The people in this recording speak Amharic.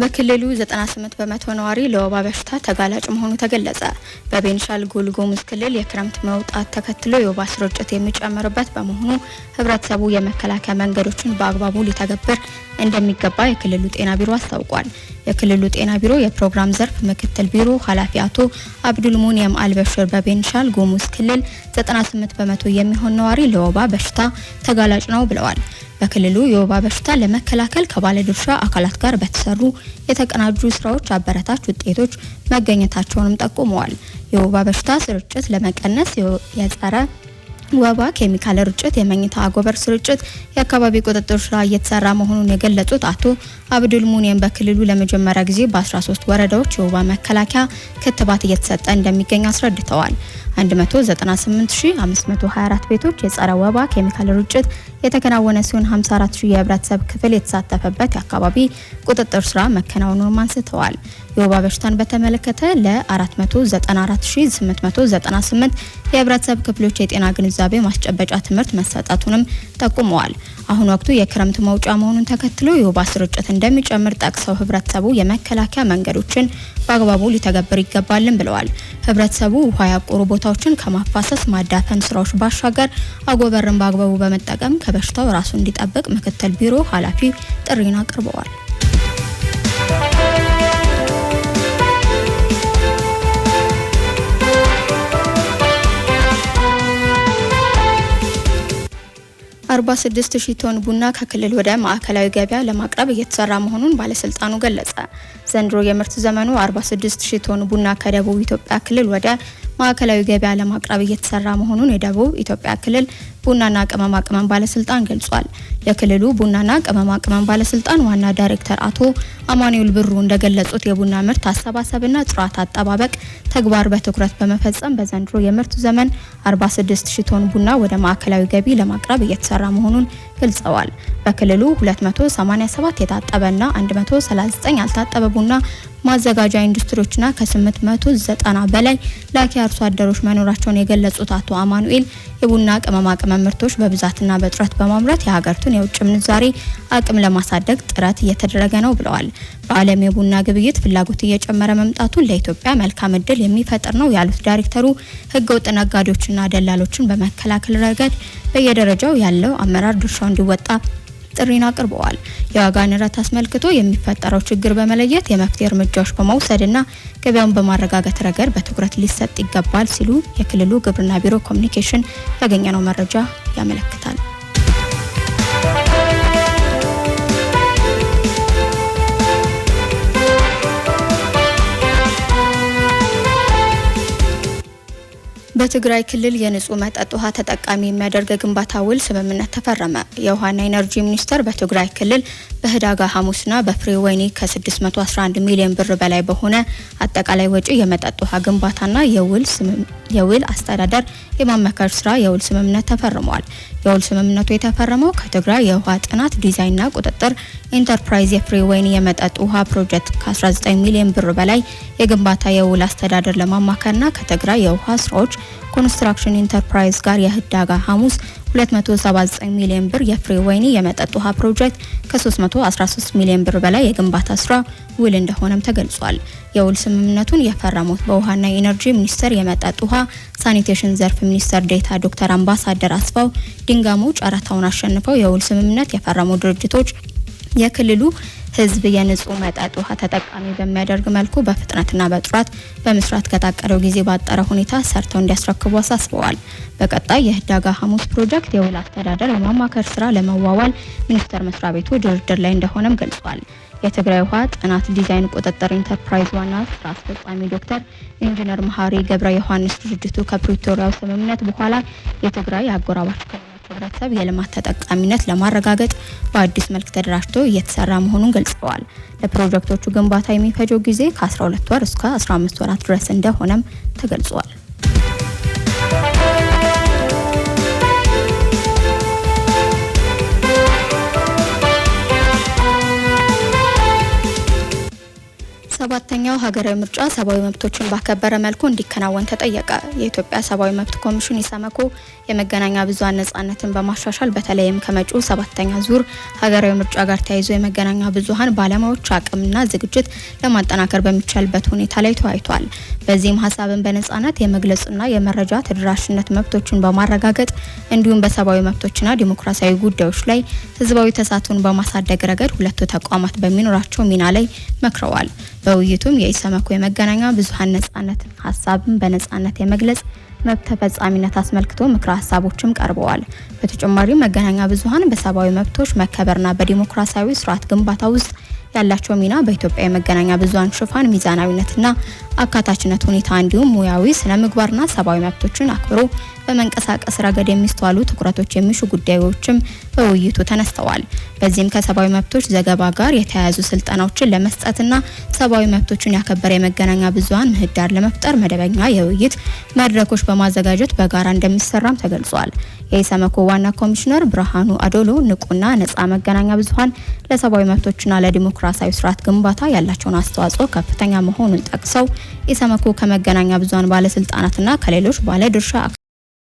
በክልሉ 98 በመቶ ነዋሪ ለወባ በሽታ ተጋላጭ መሆኑ ተገለጸ። በቤንሻል ጉሙዝ ክልል የክረምት መውጣት ተከትሎ የወባ ስርጭት የሚጨምርበት በመሆኑ ህብረተሰቡ የመከላከያ መንገዶችን በአግባቡ ሊተገብር እንደሚገባ የክልሉ ጤና ቢሮ አስታውቋል። የክልሉ ጤና ቢሮ የፕሮግራም ዘርፍ ምክትል ቢሮ ኃላፊ አቶ አብዱል ሙኒየም አልበሽር በቤንሻል ጉሙዝ ክልል 98 በመቶ የሚሆን ነዋሪ ለወባ በሽታ ተጋላጭ ነው ብለዋል። በክልሉ የወባ በሽታ ለመከላከል ከባለድርሻ አካላት ጋር በተሰሩ የተቀናጁ ስራዎች አበረታች ውጤቶች መገኘታቸውንም ጠቁመዋል። የወባ በሽታ ስርጭት ለመቀነስ የጸረ ወባ፣ ኬሚካል ርጭት፣ የመኝታ አጎበር ስርጭት፣ የአካባቢ ቁጥጥር ስራ እየተሰራ መሆኑን የገለጹት አቶ አብዱል ሙኒየም በክልሉ ለመጀመሪያ ጊዜ በ13 ወረዳዎች የወባ መከላከያ ክትባት እየተሰጠ እንደሚገኝ አስረድተዋል። 198524 ቤቶች የጸረ ወባ ኬሚካል ርጭት የተከናወነ ሲሆን 54000 የህብረተሰብ ክፍል የተሳተፈበት የአካባቢ ቁጥጥር ስራ መከናወኑን አንስተዋል። የወባ በሽታን በተመለከተ ለ494898 የህብረተሰብ ክፍሎች የጤና ግንዛቤ ማስጨበጫ ትምህርት መሰጠቱንም ጠቁመዋል። አሁን ወቅቱ የክረምት መውጫ መሆኑን ተከትሎ የወባ ስርጭት እንደሚጨምር ጠቅሰው ህብረተሰቡ የመከላከያ መንገዶችን በአግባቡ ሊተገብር ይገባልን ብለዋል። ህብረተሰቡ ውሃ ያቆሩ ቦታዎችን ከማፋሰስ ማዳፈን ስራዎች ባሻገር አጎበርን በአግባቡ በመጠቀም ከበሽታው ራሱን እንዲጠብቅ ምክትል ቢሮ ኃላፊ ጥሪን አቅርበዋል። 46 ሺህ ቶን ቡና ከክልል ወደ ማዕከላዊ ገበያ ለማቅረብ እየተሰራ መሆኑን ባለስልጣኑ ገለጸ። ዘንድሮ የምርት ዘመኑ 46 ሺህ ቶን ቡና ከደቡብ ኢትዮጵያ ክልል ወደ ማዕከላዊ ገበያ ለማቅረብ እየተሰራ መሆኑን የደቡብ ኢትዮጵያ ክልል ቡናና ቅመማ ቅመም ባለስልጣን ገልጿል። የክልሉ ቡናና ቅመማ ቅመም ባለስልጣን ዋና ዳይሬክተር አቶ አማኑኤል ብሩ እንደገለጹት የቡና ምርት አሰባሰብና ጥራት አጠባበቅ ተግባር በትኩረት በመፈጸም በዘንድሮ የምርት ዘመን 46 ሺህ ቶን ቡና ወደ ማዕከላዊ ገቢ ለማቅረብ እየተሰራ መሆኑን ገልጸዋል። በክልሉ 287 የታጠበና 139 ያልታጠበ ቡና ማዘጋጃ ኢንዱስትሪዎችና ከ890 በላይ ላኪ አርሶ አደሮች መኖራቸውን የገለጹት አቶ አማኑኤል የቡና ቅመማ ቅመም ምርቶች በብዛትና በጥራት በማምረት የሀገሪቱን የውጭ ምንዛሬ አቅም ለማሳደግ ጥረት እየተደረገ ነው ብለዋል። በዓለም የቡና ግብይት ፍላጎት እየጨመረ መምጣቱን ለኢትዮጵያ መልካም እድል የሚፈጥር ነው ያሉት ዳይሬክተሩ ህገወጥ ነጋዴዎችና ደላሎችን በመከላከል ረገድ በየደረጃው ያለው አመራር ድርሻው እንዲወጣ ጥሪን አቅርበዋል። የዋጋ ንረት አስመልክቶ የሚፈጠረው ችግር በመለየት የመፍትሄ እርምጃዎች በመውሰድና ገበያውን በማረጋጋት ረገድ በትኩረት ሊሰጥ ይገባል ሲሉ የክልሉ ግብርና ቢሮ ኮሚኒኬሽን ያገኘነው መረጃ ያመለክታል። በትግራይ ክልል የንጹህ መጠጥ ውሃ ተጠቃሚ የሚያደርግ የግንባታ ውል ስምምነት ተፈረመ። የውሃና ኢነርጂ ሚኒስቴር በትግራይ ክልል በህዳጋ ሐሙስና በፍሬ ወይኒ ከ611 ሚሊዮን ብር በላይ በሆነ አጠቃላይ ወጪ የመጠጥ ውሃ ግንባታና የውል አስተዳደር የማመከር ስራ የውል ስምምነት ተፈርመዋል። የውል ስምምነቱ የተፈረመው ከትግራይ የውሃ ጥናት ዲዛይንና ቁጥጥር ኢንተርፕራይዝ የፍሬ ወይኒ የመጠጥ ውሃ ፕሮጀክት ከ19 ሚሊዮን ብር በላይ የግንባታ የውል አስተዳደር ለማማከርና ከትግራይ የውሃ ስራዎች ኮንስትራክሽን ኢንተርፕራይዝ ጋር የህዳጋ ሐሙስ 279 ሚሊዮን ብር የፍሬ ወይኒ የመጠጥ ውሃ ፕሮጀክት ከ313 ሚሊዮን ብር በላይ የግንባታ ስራ ውል እንደሆነም ተገልጿል። የውል ስምምነቱን የፈረሙት በውሃና ኢነርጂ ሚኒስቴር የመጠጥ ውሃ ሳኒቴሽን ዘርፍ ሚኒስትር ዴታ ዶክተር አምባሳደር አስፋው ድንጋሙ ጨረታውን አሸንፈው የውል ስምምነት የፈረሙ ድርጅቶች የክልሉ ህዝብ የንጹህ መጠጥ ውሃ ተጠቃሚ በሚያደርግ መልኩ በፍጥነትና በጥራት በመስራት ከታቀደው ጊዜ ባጠረ ሁኔታ ሰርተው እንዲያስረክቡ አሳስበዋል። በቀጣይ የህዳጋ ሐሙስ ፕሮጀክት የውል አስተዳደር የማማከር ስራ ለመዋዋል ሚኒስቴር መስሪያ ቤቱ ድርድር ላይ እንደሆነም ገልጿል። የትግራይ ውሃ ጥናት ዲዛይን ቁጥጥር ኢንተርፕራይዝ ዋና ስራ አስፈጻሚ ዶክተር ኢንጂነር መሀሪ ገብረ ዮሐንስ ድርጅቱ ከፕሪቶሪያው ስምምነት በኋላ የትግራይ አጎራባች ህብረተሰብ የልማት ተጠቃሚነት ለማረጋገጥ በአዲስ መልክ ተደራጅቶ እየተሰራ መሆኑን ገልጸዋል። ለፕሮጀክቶቹ ግንባታ የሚፈጀው ጊዜ ከ12 ወር እስከ 15 ወራት ድረስ እንደሆነም ተገልጿል። ሰባተኛው ሀገራዊ ምርጫ ሰብአዊ መብቶችን ባከበረ መልኩ እንዲከናወን ተጠየቀ። የኢትዮጵያ ሰብአዊ መብት ኮሚሽን ኢሰመኮ የመገናኛ ብዙሃን ነጻነትን በማሻሻል በተለይም ከመጪው ሰባተኛ ዙር ሀገራዊ ምርጫ ጋር ተያይዞ የመገናኛ ብዙሃን ባለሙያዎች አቅምና ዝግጅት ለማጠናከር በሚቻልበት ሁኔታ ላይ ተወያይቷል። በዚህም ሀሳብን በነጻነት የመግለጽና የመረጃ ተደራሽነት መብቶችን በማረጋገጥ እንዲሁም በሰብአዊ መብቶችና ዲሞክራሲያዊ ጉዳዮች ላይ ህዝባዊ ተሳትፎን በማሳደግ ረገድ ሁለቱ ተቋማት በሚኖራቸው ሚና ላይ መክረዋል። በውይይቱም የኢሰመኮ የመገናኛ ብዙሃን ነጻነት ሀሳብን በነጻነት የመግለጽ መብት ተፈጻሚነት አስመልክቶ ምክረ ሀሳቦችም ቀርበዋል። በተጨማሪም መገናኛ ብዙሃን በሰብአዊ መብቶች መከበርና በዲሞክራሲያዊ ስርዓት ግንባታ ውስጥ ያላቸው ሚና በኢትዮጵያ የመገናኛ ብዙሃን ሽፋን ሚዛናዊነትና አካታችነት ሁኔታ እንዲሁም ሙያዊ ስነ ምግባርና ሰብአዊ መብቶችን አክብሮ በመንቀሳቀስ ረገድ የሚስተዋሉ ትኩረቶች የሚሹ ጉዳዮችም በውይይቱ ተነስተዋል። በዚህም ከሰብአዊ መብቶች ዘገባ ጋር የተያያዙ ስልጠናዎችን ለመስጠትና ሰብአዊ መብቶችን ያከበረ የመገናኛ ብዙሃን ምህዳር ለመፍጠር መደበኛ የውይይት መድረኮች በማዘጋጀት በጋራ እንደሚሰራም ተገልጿል። የኢሰመኮ ዋና ኮሚሽነር ብርሃኑ አዶሎ ንቁና ነጻ መገናኛ ብዙሃን ለሰብአዊ መብቶችና ለዲሞክራ ዲሞክራሲያዊ ስርዓት ግንባታ ያላቸውን አስተዋጽኦ ከፍተኛ መሆኑን ጠቅሰው ኢሰመኮ ከመገናኛ ብዙሃን ባለስልጣናትና ከሌሎች ባለድርሻ